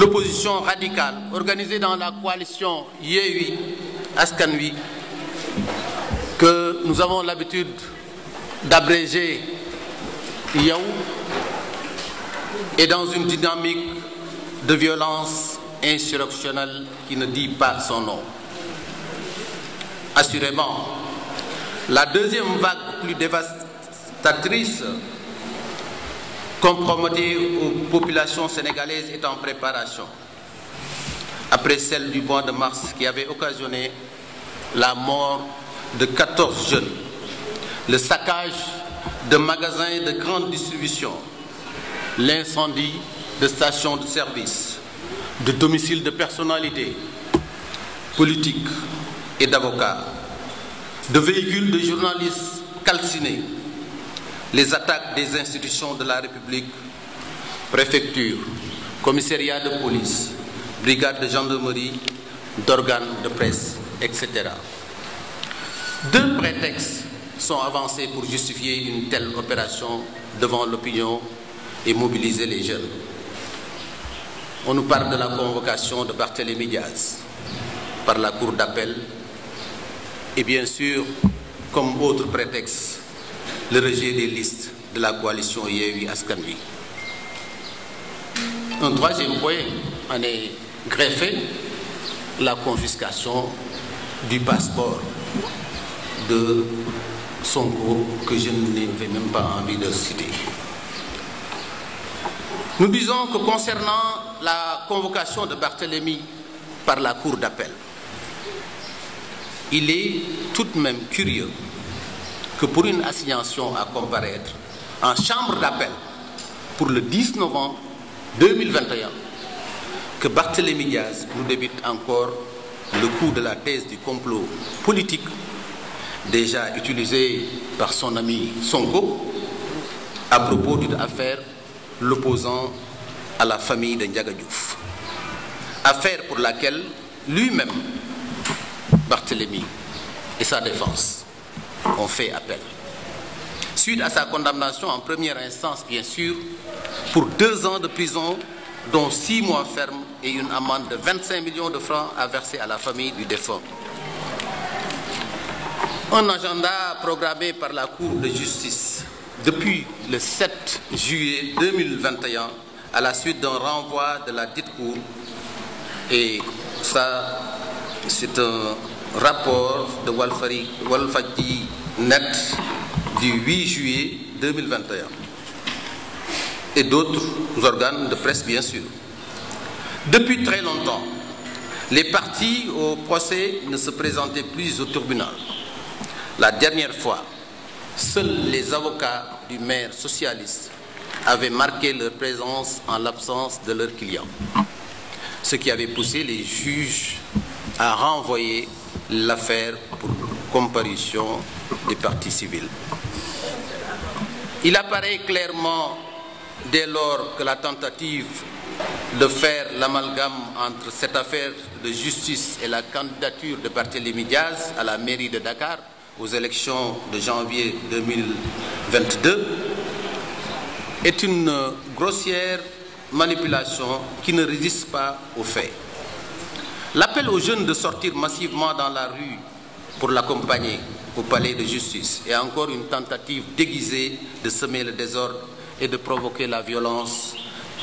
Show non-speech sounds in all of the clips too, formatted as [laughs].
l'opposition radicale organisée dans la coalition Yewwi Askan Wi que nous avons l'habitude d'abréger Yewwi est dans une dynamique de violence insurrectionnelle qui ne dit pas son nom. Assurément, la deuxième vague plus dévastatrice compromettée aux populations sénégalaises est en préparation, après celle du mois de mars qui avait occasionné la mort de 14 jeunes, le saccage de magasins de grande distribution, l'incendie de station de service, de domiciles de personnalités politiques et d'avocats, de véhicules de journalistes calcinés les attaques des institutions de la République, préfecture, commissariat de police, brigade de gendarmerie, d'organes de presse, etc. Deux prétextes sont avancés pour justifier une telle opération devant l'opinion et mobiliser les jeunes. On nous parle de la convocation de Barthélémy Diaz par la Cour d'appel et bien sûr, comme autre prétexte, le rejet des listes de la coalition Yewwi Askan Wi. Un troisième point en est greffé la confiscation du passeport de Sonko que je n'avais même pas envie de citer. Nous disons que concernant la convocation de Barthélemy par la cour d'appel, il est tout de même curieux que pour une assignation à comparaître en chambre d'appel pour le 10 novembre 2021, que Barthélémy Diaz nous débite encore le coup de la thèse du complot politique déjà utilisé par son ami Sonko à propos d'une affaire l'opposant à la famille de Ndiaga Diouf. Affaire pour laquelle lui-même, Barthélémy, et sa défense ont fait appel. Suite à sa condamnation en première instance, pour deux ans de prison, dont six mois ferme et une amende de 25 millions de francs à verser à famille du défunt. Un agenda programmé par la Cour de justice depuis le 7 juillet 2021 à la suite d'un renvoi de la dite Cour. rapport de Walfari Walfadji Net du 8 juillet 2021 et d'autres organes de presse bien sûr. Depuis très longtemps, les parties au procès ne se présentaient plus au tribunal. La dernière fois, seuls les avocats du maire socialiste avaient marqué leur présence en l'absence de leurs clients, ce qui avait poussé les juges à renvoyer l'affaire pour comparution des parties civiles. Il apparaît clairement dès lors que la tentative de faire l'amalgame entre cette affaire de justice et la candidature de Barthélémy Diaz à la mairie de Dakar aux élections de janvier 2022 est une grossière manipulation qui ne résiste pas L'appel aux jeunes de sortir massivement dans la rue pour l'accompagner au palais de justice est encore une tentative déguisée de semer le désordre et de provoquer la violence,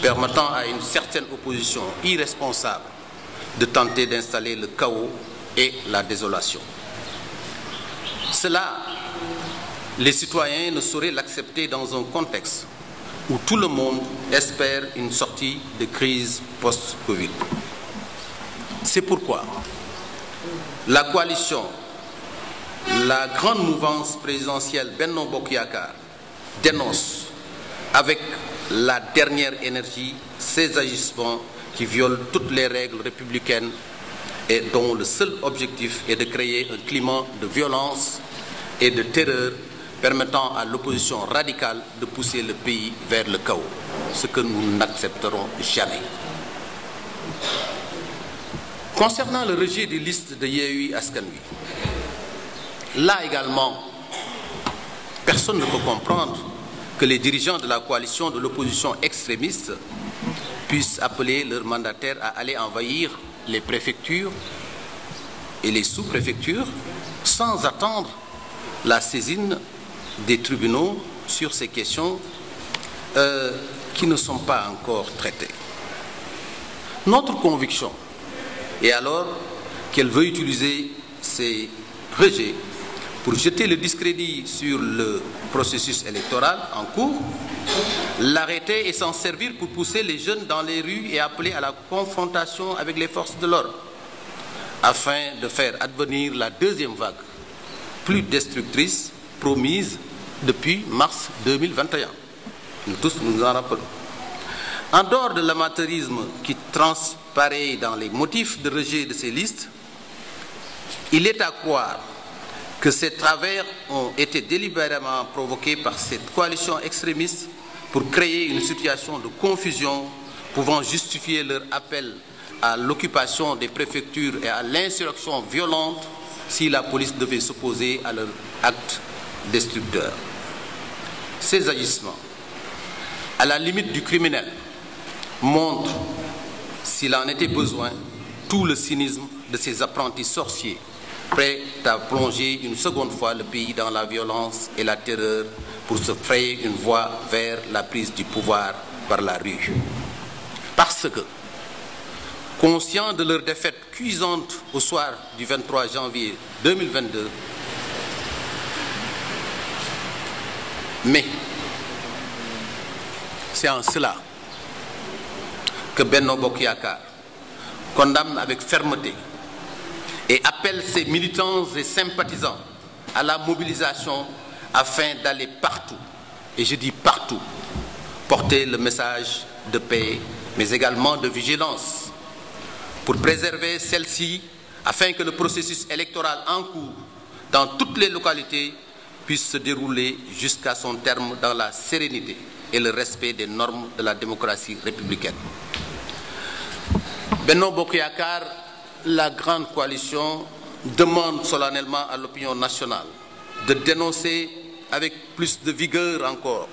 permettant à une certaine opposition irresponsable de tenter d'installer le chaos et la désolation. Cela, les citoyens ne sauraient l'accepter dans un contexte où tout le monde espère une sortie de crise post-Covid. C'est pourquoi la coalition, la grande mouvance présidentielle Benno Bokuyakar dénonce avec la dernière énergie ces agissements qui violent toutes les règles républicaines et dont le seul objectif est de créer un climat de violence et de terreur permettant à l'opposition radicale de pousser le pays vers le chaos, ce que nous n'accepterons jamais. Concernant le rejet des listes de Yewwi Askan Wi, là également, personne ne peut comprendre que les dirigeants de la coalition de l'opposition extrémiste puissent appeler leurs mandataires à aller envahir les préfectures et les sous-préfectures sans attendre la saisine des tribunaux sur ces questions euh, qui ne sont pas encore traitées. Notre conviction et alors qu'elle veut utiliser ces rejets pour jeter le discrédit sur le processus électoral en cours, l'arrêter et s'en servir pour pousser les jeunes dans les rues et appeler à la confrontation avec les forces de l'ordre, afin de faire advenir la deuxième vague, plus destructrice, promise depuis mars 2021. Nous tous nous en rappelons. En dehors de l'amateurisme qui transparaît dans les motifs de rejet de ces listes, il est à croire que ces travers ont été délibérément provoqués par cette coalition extrémiste pour créer une situation de confusion pouvant justifier leur appel à l'occupation des préfectures et à l'insurrection violente si la police devait s'opposer à leur acte destructeur. Ces agissements, à la limite du criminel, montre, s'il en était besoin, le cynisme de ces apprentis sorciers, prêts à plonger une seconde dans la violence et la terreur pour se frayer une voie la prise du pouvoir par la rue. que, conscients de leur défaite cuisante au soir du 23 janvier 2022, mais c'est en cela que Benno Bokk Yakaar condamne avec fermeté et appelle ses militants et sympathisants à la mobilisation afin d'aller partout, et je dis partout, porter le message de paix, mais également de vigilance, pour préserver celle-ci afin que le processus électoral en cours dans toutes les localités puisse se dérouler jusqu'à son terme dans la sérénité et le respect des normes de la démocratie républicaine. Benno Bokk Yaakaar la grande coalition demande solennellement à l'opinion nationale de dénoncer avec plus de vigueur encore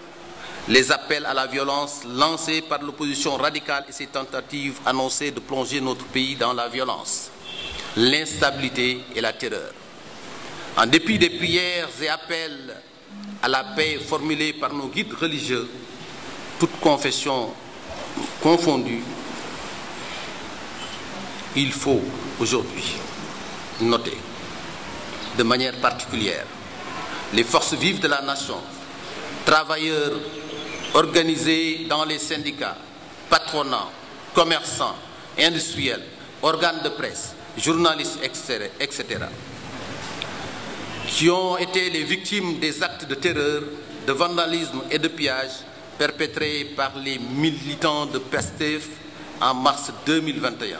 les appels à la violence lancés par l'opposition radicale et ses tentatives annoncées de plonger notre pays dans la violence, l'instabilité et la terreur. En dépit des prières et appels à la paix formulés par nos guides religieux, toutes confessions confondues, il faut aujourd'hui noter de manière particulière les forces vives de la nation, travailleurs organisés dans les syndicats, patronats, commerçants, industriels, organes de presse, journalistes, etc., qui ont été les victimes des actes de terreur, de vandalisme et de pillage perpétrés par les militants de PASTEF en mars 2021.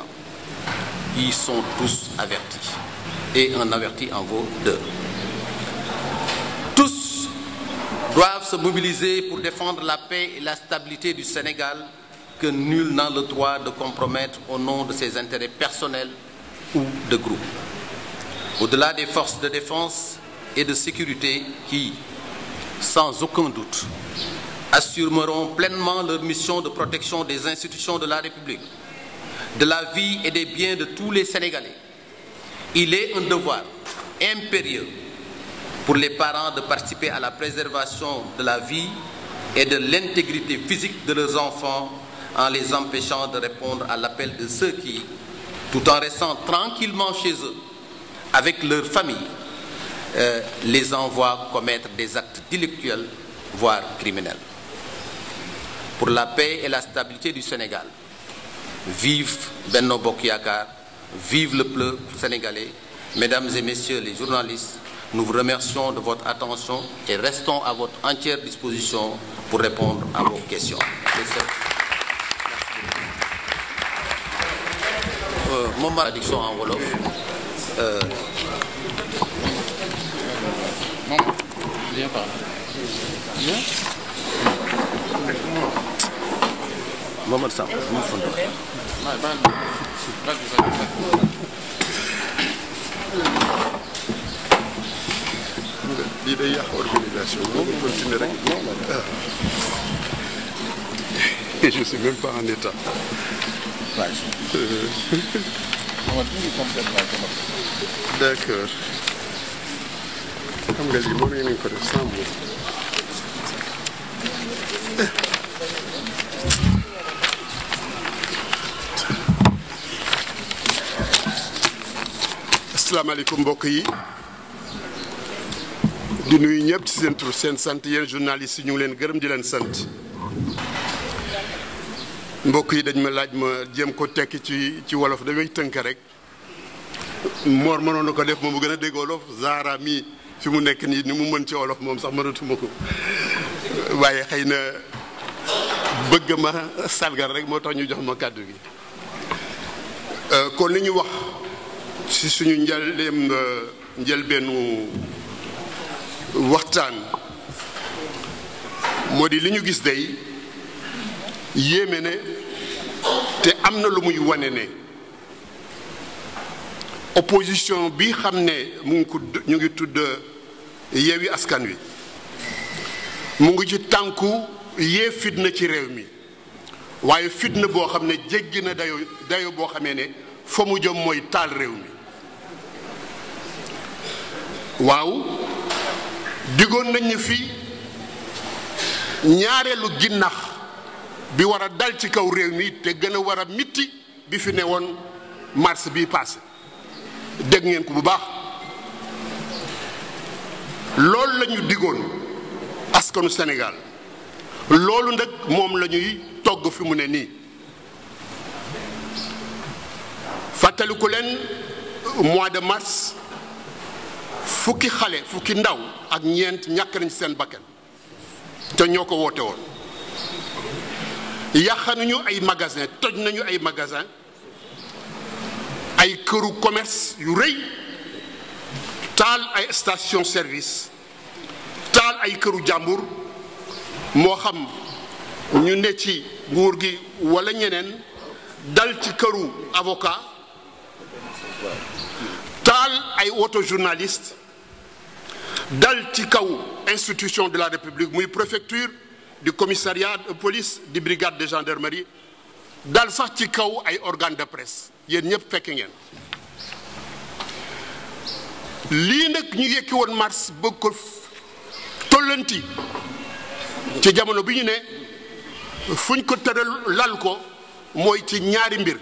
ils sont tous avertis. Et un averti en vaut deux. Tous doivent se mobiliser pour défendre la paix et la stabilité du Sénégal que nul n'a le droit de compromettre au nom de ses intérêts personnels ou de groupe. Au-delà des forces de défense et de sécurité qui, sans aucun doute, assumeront pleinement leur mission de protection des institutions de la République, de la vie et des biens de tous les Sénégalais, il est un devoir impérieux pour les parents de participer à la préservation de la vie et de l'intégrité physique de leurs enfants en les empêchant de répondre à l'appel de ceux qui, tout en restant tranquillement chez eux, avec leur famille, euh, les envoient commettre des actes délictuels, voire criminels. Pour la paix et la stabilité du Sénégal, Vive Benno Bokk Yakaar, vive le peuple sénégalais. Mesdames et messieurs les journalistes, nous remercions de votre attention et restons à votre entière disposition pour répondre à vos questions. Euh, moom ma traduction en wolof euh, moom Mohamed Samb moo fa doon. lii day yàq organisation moom mu continuer rek. [laughs] je ne suis même pas en état. [laughs] d'accord. xam nga lii moom yéen a ngi ko def sans moom. asalaamaaleykum mbokk yi di nuyu ñëpp ci seen tur seen sant yéen journalistes yi ñu leen gërëm di leen sant mbokk yi dañ ma laaj ma jéem ko tekk ci ci wolof damay tënk rek moor mënoon na ko def moom mu gën a dégg wolof zaara mi fi mu nekk nii ni mu mën ci wolof moom sax mënatuma ko waaye xëy na bëgg ma sargal rek moo tax ñu jox ma kàddu gi euh, kon li ñu wax si suñu njëleem njëlbeenu waxtaan moo di li ñu gis day yéeme ne te am na lu muy wane ne opposition bi xam ne mu ngi ko ñu ngi tudd Yewwi Askan Wi mu ngi ci tànku yee fitna ci réew mi waaye fitna boo xam ne jéggi na dayo dayo boo xamee ne fa mu jëm mooy taal réew mi waaw digoon nañ ñu fii ñaareelu ginnax bi war a dal ci kaw réew mi te gën a war a mitti bi fi ne woon mars bi paase dégg ngeen ko bu baax loolu lañu ñu digoon askanu Sénégal loolu nag moom la ñuy togg fi mu ne nii fàttaliku leen mois de mars fukki xale fukki ndaw ak ñeent ñàkk nañ seen bakkan te ñoo ko woote woon yàq ay magasin toj nañu ay magasin ay këru commerce yu rëy taal ay station service taal ay këru jàmbur moo xam ñu ne ci nguur gi walla ñeneen dal ci këru avocat taal ay auto journaliste dal ci kaw institution de la république muy préfecture du commissariat de police di brigade de gendarmerie dal sax ci kaw ay organe de presse yéen ñëpp fekk ngeen lii nag ñu yëkki woon mars bëgg ko tollanti ci jamono bi ñu ne fuñ ko tëral lal ko mooy ci ñaari mbir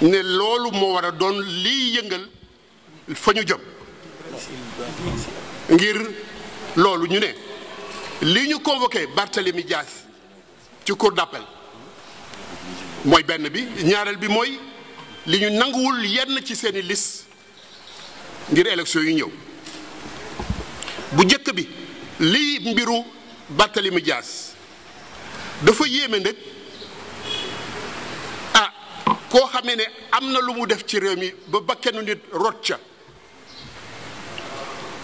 ne loolu moo war a doon liy yëngal fa ñu jëm ngir loolu ñu ne li ñu convoqué Barthélemy Dias ci cour d'appel mooy benn bi ñaareel bi mooy li ñu nanguwul yenn ci seeni lis ngir élection yu ñëw bu njëkk bi lii mbiru Barthélemy Dias dafa yéeme nag ah koo xam ne am na lu mu def ci réew mi ba bakkanu nit rot ca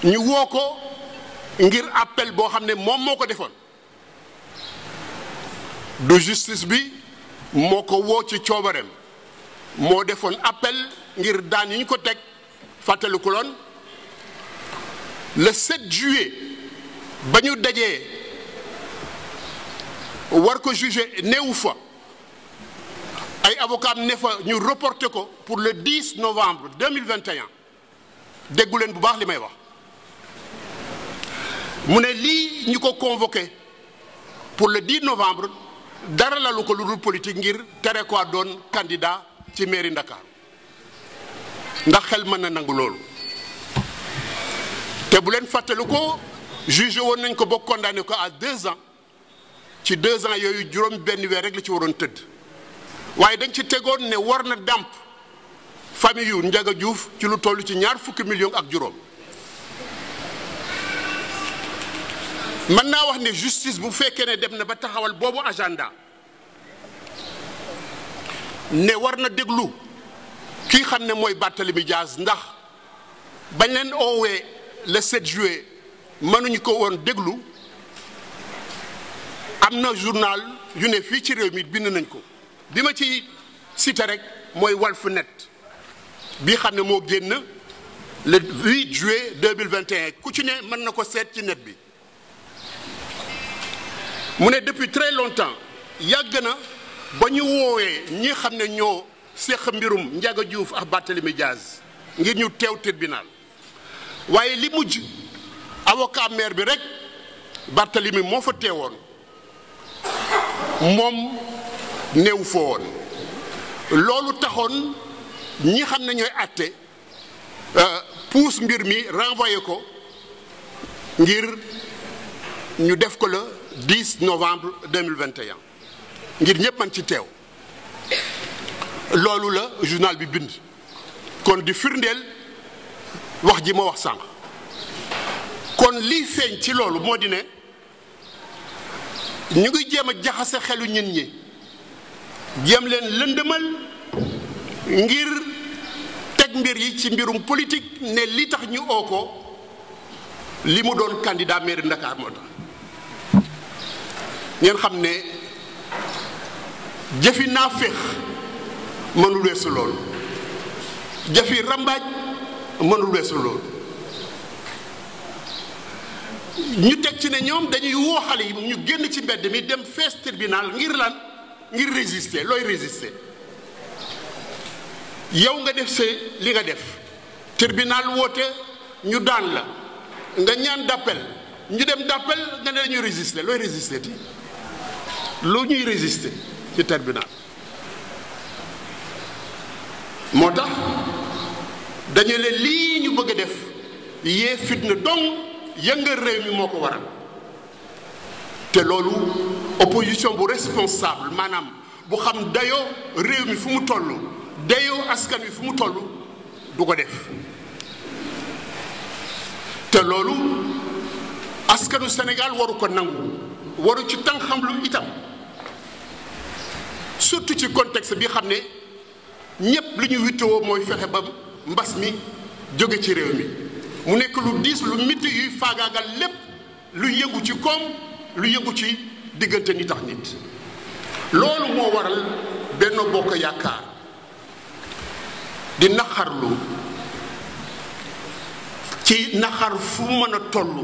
ñu woo ko ngir appel boo xam ne moom moo ko defoon du justice bi moo ko woo ci coobareem moo defoon appel ngir daan yi ñu ko teg fàttaliku loon le 7 juillet ba ñu dajee war ko juger néewu fa ay avocat ne fa ñu reporté ko pour le 10 novembre 2021 déggu leen bu baax li may wax mu ne lii ñu ko convoqué pour le 10 novembre dara lalu ko lu dul politique ngir tere ko doon candidat ci mairie Ndakaaru ndax xel mën na nangu loolu te bu leen fàttali ko jugé woon nañ ko ba condamné ko à deux ans ci deux ans yooyu juróom benn weer rek la ci waroon tëdd waaye dañ ci tegoon ne war na dàmp famille yu Ndiaga Diouf ci lu toll ci ñaar fukki million ak juróom mën naa wax ne justice bu fekkee ne dem na ba taxawal boobu agenda ne war na déglu kii xam ne mooy Barthélemy Dias ndax bañ leen oowee le 7 juillet mënuñu ko woon déglu am na journal yu ne fii ci réew mi bind nañ ko bi ma ci cité rek mooy Walf Net bii xam ne moo génn le 8 juillet 2021 ku ci ne mën na ko seet ci net bi mu ne depuis très longtemps yàgg na ba ñu woowee ñi xam ne ñoo seq mbirum Ndiaga Diouf ak Barthélémy Diaz ngir ñu teew tirbinaal waaye li mujj avocat maire bi rek Barthélémy moo fa teewoon moom néew fa woon loolu taxoon ñi xam ne ñooy àtte euh, puus mbir mi renvoyé ko ngir ñu def ko la. 10 novembre 2021 ngir ñëpp man ci teew loolu la journal bi bind kon di firndeel wax ji ma wax sànq kon lii feeñ ci loolu moo di ne ñu ngi jéem a jaxase xelu ñin ñi jéem leen lëndëmal ngir teg mbir yi ci mbirum politique ne li tax ñu oo ko li mu doon candidat mairie Ndakaar moo tax ngeen xam ne jëfi naaféq mënul weesu lool jëfi rambaaj mënul weesu lool ñu teg ci ne ñoom dañuy woo xale ñu génn ci mbedd mi dem fees tirbinaal ngir lan ngir résister looy résister yow nga def sa li nga def tribunal woote ñu daan la nga ñaan d'appel ñu dem d'appel nga ne dañuy résister looy résister ti lu ñuy résisté ci tribunal moo tax dañu ne lii ñu bëgg a def yee fitna dong yëngal réew mi moo ko waral te loolu opposition bu responsable maanaam bu xam dayoo réew mi fu mu toll dayoo askan wi fu mu tollu du ko def te loolu askanu Sénégal waru ko nangu waru ci tànk xam lu itam surtout ci contexte bi xam ne ñépp lu ñu wittewoo mooy fexe ba mbas mi jóge ci réew mi mu nekk lu diis lu mitti yuy faagaagal lépp lu yëngu ci koom lu yëgu ci diggante nit ak nit loolu moo waral benn Bokk Yaakaar di naqarlu ci naqar fu mën a toll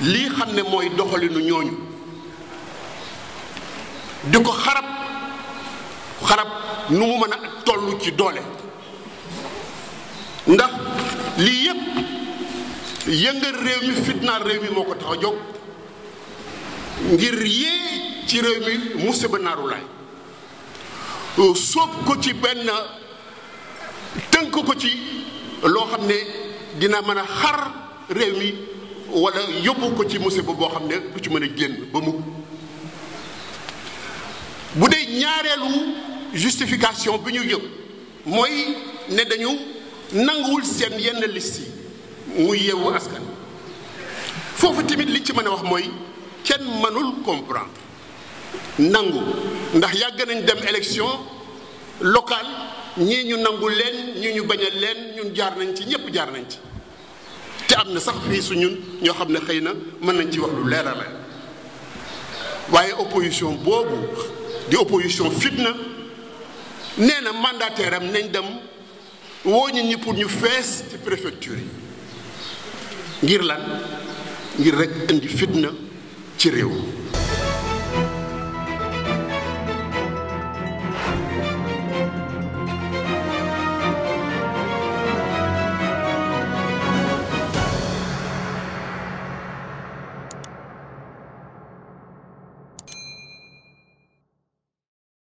lii xam ne mooy doxalinu ñooñu di ko xarab xarab nu mu mën a toll ci doole ndax lii yépp yëngal réew mi fitnaal réew mi moo ko tax a jóg ngir yée ci réew mi musiba naaru laay sóob ko ci benn tënk ko ci loo xam ne dina mën a xar réew mi walla yóbbu ko ci musiba boo xam ne du ci mën a génn ba mukk bu dee ñaareelu justification bi ñu jëm mooy ne dañu nanguwul seen yenn list yi muy yeewu askan foofu tamit li ci mën a wax mooy kenn mënul comprendre nangu ndax yàgg nañ dem élection locale ñii ñu nangu leen ñii ñu bañal leen ñun jaar nañ ci ñépp jaar nañ ci te am na sax fii su ñun ñoo xam ne xëy na mën nañ ci wax lu leer waaye opposition boobu di opposition fitna nee na mandataire am nañ dem woo nit ñi ñu fees ci préfecture yi ngir lan ngir rekk indi fitna ci réew